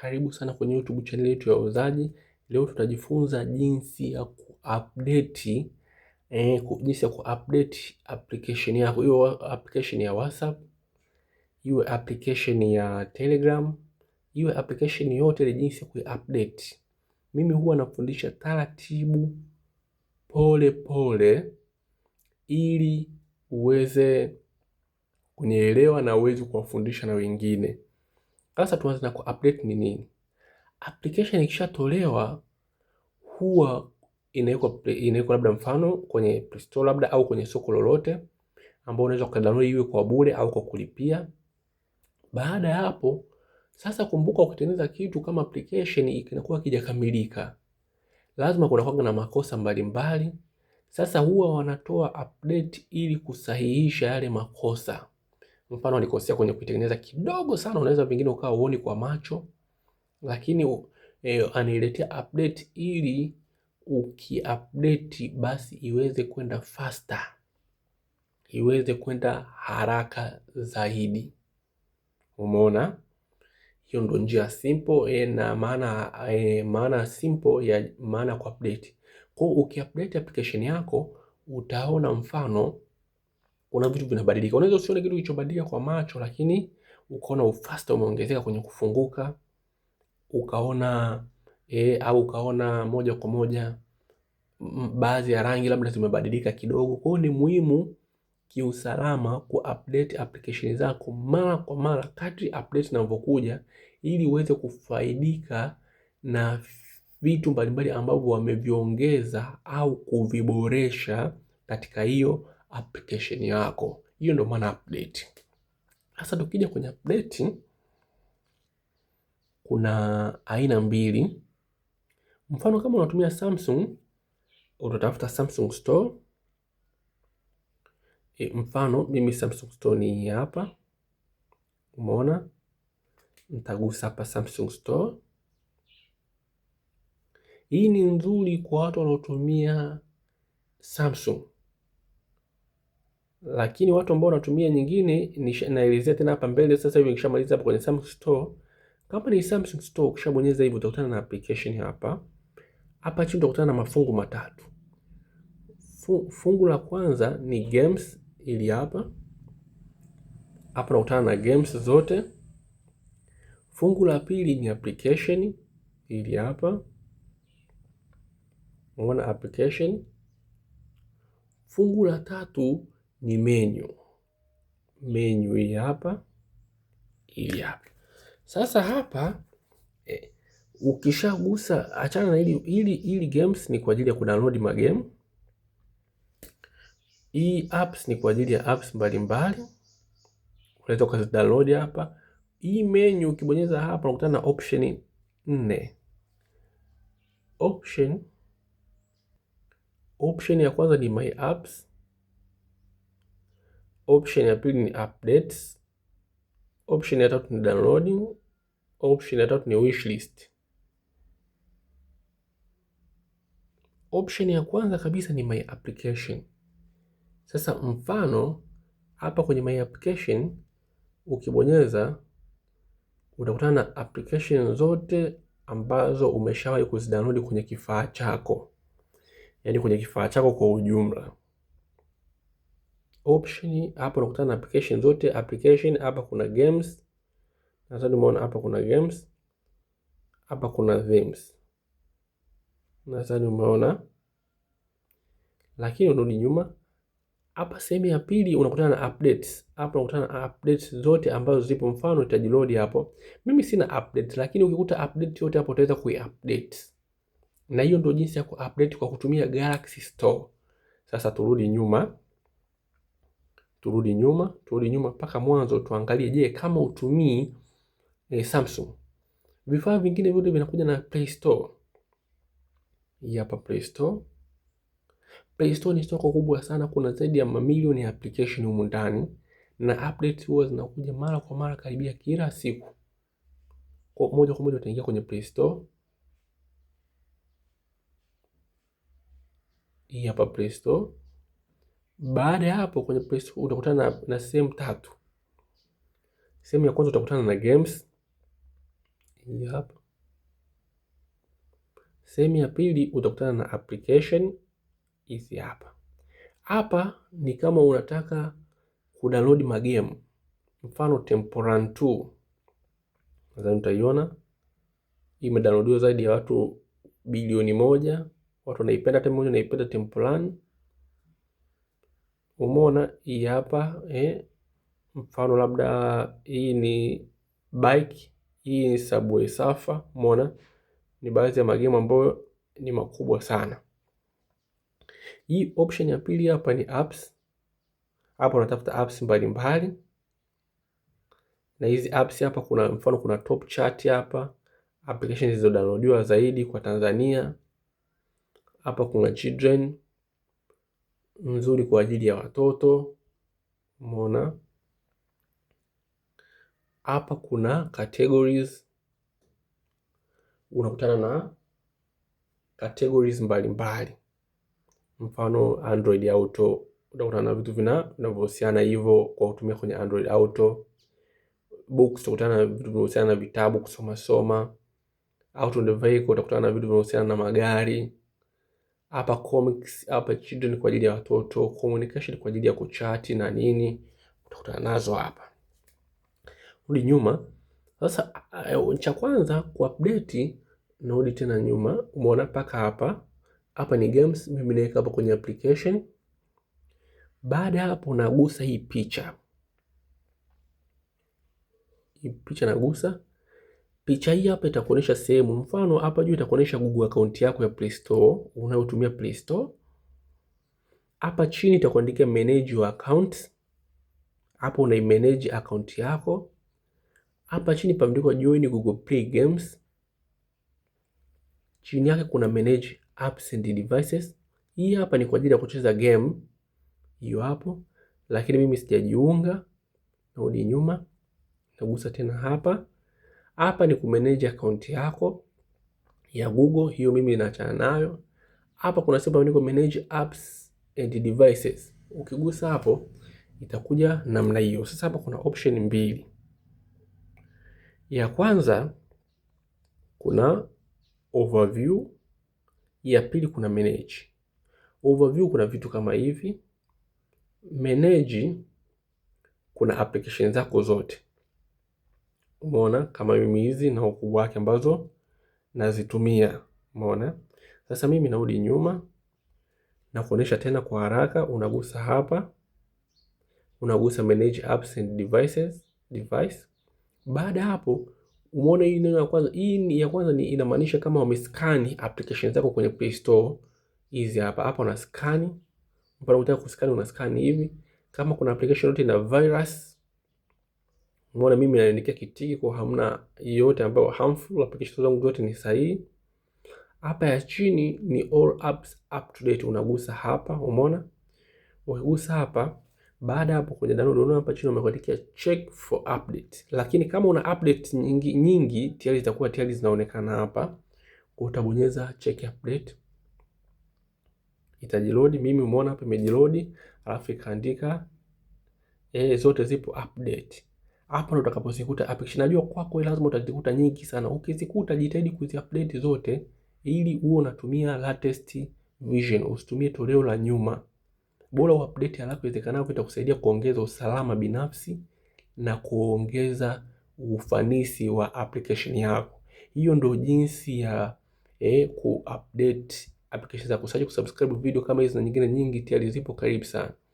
Karibu sana kwenye YouTube channel yetu ya Wauzaji. Leo tutajifunza jinsi ya kuupdate eh, jinsi ya kuupdate application yako, iwe application ya WhatsApp, iwe application ya Telegram, iwe application yote ile, jinsi ya kuiupdate. Mimi huwa nafundisha taratibu, pole pole, ili uweze kunielewa na uweze kuwafundisha na wengine. Sasa tuanze na kuupdate ni nini. Application ikishatolewa huwa inawekwa inawekwa labda mfano kwenye Play Store labda au kwenye soko lolote ambao unaweza kudownload iwe kwa bure au kwa kulipia. Baada ya hapo sasa, kumbuka ukitengeneza kitu kama application inakuwa kijakamilika, lazima kwanga na makosa mbalimbali mbali. Sasa huwa wanatoa update ili kusahihisha yale makosa mfano alikosea kwenye kuitengeneza kidogo sana, unaweza pengine ukawa uoni kwa macho, lakini eh, anailetea update ili ukiupdate basi iweze kwenda faster, iweze kwenda haraka zaidi. Umeona, hiyo ndo njia simple eh, na maana eh, maana simple ya maana kwa update. Kwa hiyo ukiupdate application yako utaona mfano kuna vitu vinabadilika. Unaweza usione kitu kilichobadilika kwa macho, lakini ukaona ufasta umeongezeka kwenye kufunguka, ukaona e, au ukaona moja kwa moja baadhi ya rangi labda zimebadilika kidogo. Kwa hiyo ni muhimu kiusalama ku update application zako mara kwa mara kadri update inavyokuja, ili uweze kufaidika na vitu mbalimbali ambavyo wameviongeza au kuviboresha katika hiyo application yako. Hiyo ndio maana update. Sasa tukija kwenye update, kuna aina mbili. Mfano kama unatumia Samsung, utatafuta Samsung Store. E, mfano mimi Samsung Store ni hapa, umeona, nitagusa hapa Samsung Store. Hii ni nzuri kwa watu wanaotumia Samsung lakini watu ambao wanatumia nyingine, naelezea tena hapa mbele. Sasa hivi nikishamaliza hapa kwenye Samsung Store, kama ni Samsung Store, ukishabonyeza hivyo utakutana na application hapa. Hapa chini utakutana na mafungu matatu. Fungu la kwanza ni games, ili hapa hapa unakutana na games zote. Fungu la pili ni application, ili hapa unaona application. Fungu la tatu ni menu. Menu hii hapa, hii hapa. Sasa hapa eh, ukishagusa achana na hili hili hili, games ni kwa ajili ya kudownload magame. Hii apps ni kwa ajili ya apps mbalimbali, unaweza ukazidownload hapa. Hii menu ukibonyeza hapa unakutana na option nne. Option option ya kwanza ni my apps option ya pili ni updates, option ya tatu ni downloading, option ya tatu ni wishlist. Option ya kwanza kabisa ni my application. Sasa mfano hapa kwenye my application ukibonyeza utakutana na application zote ambazo umeshawahi kuzidownload kwenye kifaa chako, yaani kwenye kifaa chako kwa ujumla option hapa unakutana na application zote. Application hapa kuna games, nadhani umeona hapa kuna games, hapa kuna themes, nadhani umeona. Lakini unarudi nyuma hapa sehemu ya pili unakutana na updates. Hapa unakutana na updates zote ambazo zipo, mfano itaji load hapo. Mimi sina updates, lakini ukikuta update yote hapo utaweza kuiupdate, na hiyo ndio jinsi ya kuupdate kwa kutumia Galaxy Store. Sasa turudi nyuma turudi nyuma, turudi nyuma mpaka mwanzo, tuangalie, je, kama utumii eh, Samsung. Vifaa vingine vyote vinakuja na Play Store. Hapa Play Store. Play Store ni soko kubwa sana, kuna zaidi ya mamilioni ya application humu ndani na update huwa zinakuja mara kwa mara karibia kila siku. Kwa moja kwa moja utaingia kwenye Play Store. Hii hapa Play Store. Baada ya hapo kwenye Play Store utakutana na, na sehemu tatu. Sehemu ya kwanza utakutana na games hii hapa. Sehemu ya pili utakutana na application hizi hapa. Hapa ni kama unataka kudownload magame, mfano Temporan 2 nadhani utaiona imedownloadiwa zaidi ya watu bilioni moja. Watu wanaipenda, Temporan naipenda Temporan Umeona hii hapa eh, mfano labda hii ni bike, hii ni Subway Surfers. Umeona ni baadhi ya magemu ambayo ni makubwa sana. Hii option ya pili hapa ni apps. Hapa unatafuta apps mbalimbali na hizi apps hapa, kuna mfano, kuna Top Chart hapa, applications zilizodownloadiwa zaidi kwa Tanzania. Hapa kuna Children mzuri kwa ajili ya watoto. Umeona hapa kuna categories, unakutana na categories mbalimbali, mfano Android Auto utakutana na vitu vinavyohusiana hivyo kwa kutumia kwenye Android Auto. Books utakutana na vitu vinavyohusiana na vitabu kusoma soma. Auto and Vehicle utakutana na vitu vinavyohusiana na magari hapa comics, hapa children kwa ajili ya watoto, communication kwa ajili ya kuchati na nini, utakutana nazo hapa. Rudi nyuma sasa, eh, cha kwanza kuupdate, narudi tena nyuma, umeona mpaka hapa hapa ni games, mimi naweka hapa kwenye application. Baada ya hapo, nagusa hii picha, hii picha nagusa Picha hii hapa itakuonyesha sehemu, mfano hapa juu itakuonyesha Google account yako ya Play Store unayotumia Play Store. Hapa chini itakuandikia manage your account. Hapo una manage account yako. Hapa chini pameandikwa join Google Play Games. Chini yake kuna manage apps and devices. Hii hapa ni kwa ajili ya kucheza game. Hiyo hapo. Lakini mimi sijajiunga. Narudi nyuma. Nagusa tena hapa. Hapa ni kumeneji akaunti yako ya Google, hiyo mimi inaachana nayo. Hapa kuna sehemu ambayo manage apps and devices. Ukigusa hapo itakuja namna hiyo. Sasa hapa kuna option mbili. Ya kwanza kuna overview, ya pili kuna manage. Overview kuna vitu kama hivi. Manage kuna application zako zote umeona, kama mimi hizi na ukubwa wake ambazo nazitumia, umeona. Sasa mimi narudi nyuma na kuonesha tena kwa haraka, unagusa hapa, unagusa manage apps and devices device. Baada hapo umeona hii neno ya kwanza, hii ya kwanza ni inamaanisha kama wamescan applications zako kwenye Play Store hizi hapa. Hapa una scan, unataka kuscan, una scan hivi. Kama kuna application yote ina virus Umeona mimi naandikia kitiki kwa hamna yote ambayo harmful, application zangu zote ni sahihi. Hapa ya chini ni all apps up to date, unagusa hapa, umeona? Ukigusa hapa, baada hapo kwenye download, unaona hapa chini wamekuandikia check for update. Lakini kama una update nyingi nyingi, tayari zitakuwa tayari zinaonekana hapa. Kwa Utabonyeza check update. Itajiload, mimi umeona hapa imejiload, alafu ikaandika eh, zote zipo update hapo ndo utakapozikuta application. Najua kwako lazima utazikuta nyingi sana. Ukizikuta jitahidi kuziupdate zote ili uwe unatumia latest version, usitumie toleo la nyuma. Bora uupdate haraka iwezekanavyo, itakusaidia kuongeza usalama binafsi na kuongeza ufanisi wa application yako. Hiyo ndo jinsi ya eh, kuupdate application zako. Usisahau kusubscribe video kama hizi na nyingine nyingi tayari zipo karibu sana.